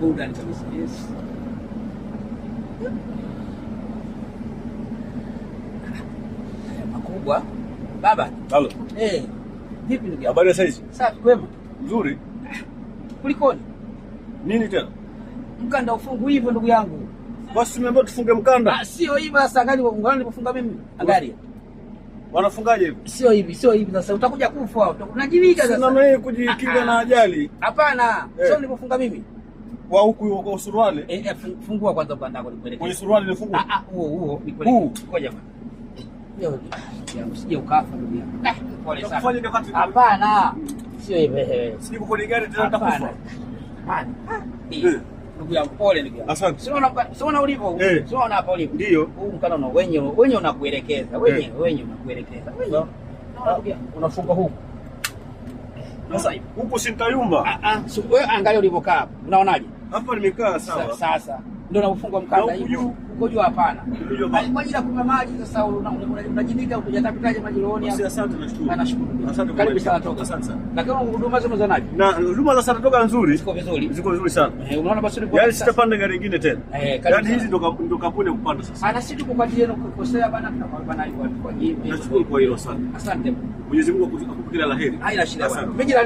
burudani kabisa. Yes. Makubwa. Baba. Halo. Eh. Vipi ndugu? Habari ya saizi? Safi kwema. Nzuri. Kulikoni? Nini tena? Mkanda ufungu hivyo ndugu yangu. Basi tumeambiwa tufunge mkanda. Ah, sio hivi sasa gani ngani nilipofunga mimi. Angalia. Wanafungaje hivi? Sio hivi, sio hivi sasa utakuja kufa, utajivika sasa. Sina nini kujikinga na ah, ah. ajali. Hapana, eh. sio nilipofunga mimi wa huku wa suruali. Eh, eh fungua kwanza bwana nako nikuelekeze. Kwenye suruali ni fungua. Ah ah, huo huo nikuelekeze. Ngoja bwana. Leo usije ukafa ndugu yangu. Eh, pole sana. Fanya ndio kati. Hapana. Sio hivyo. Eh, Sijui kwenye gari tena nitakufa. Hapana. Ah, ndugu yangu pole ndugu yangu. Asante. Siona siona ulivyo. unaona hapa ulivyo. Ndio. Huu mkana una wenye wenye unakuelekeza. Wenye wenye unakuelekeza. Wenye. Unafunga huku. Sasa huku sintayumba. Ah ah, Wewe angalia ulivyokaa. Unaonaje? Hapa nimekaa sawa. Sasa ndio unafungwa mkanda hivi. Uko juu hapana. Kwa ajili ya kunywa maji sasa unajidika unajatapitaje maji rohoni hapo. Asante nashukuru. Nashukuru. Karibu sana toka. Asante sana. Na kama huduma zote za naji? Na huduma za sana toka nzuri. Ziko vizuri. Ziko vizuri sana. Eh, unaona basi ni Yaani sitapanda gari nyingine tena. Eh, yaani karibu. Yaani hizi ndio ndio kampuni ya kupanda sasa. Ana sisi tuko kwa ajili yenu kukosea bana tunakuwa nayo kwa hivyo. Nashukuru kwa hilo sana. Asante. Mwenyezi Mungu akukupe kila laheri. Haina shida. Asante.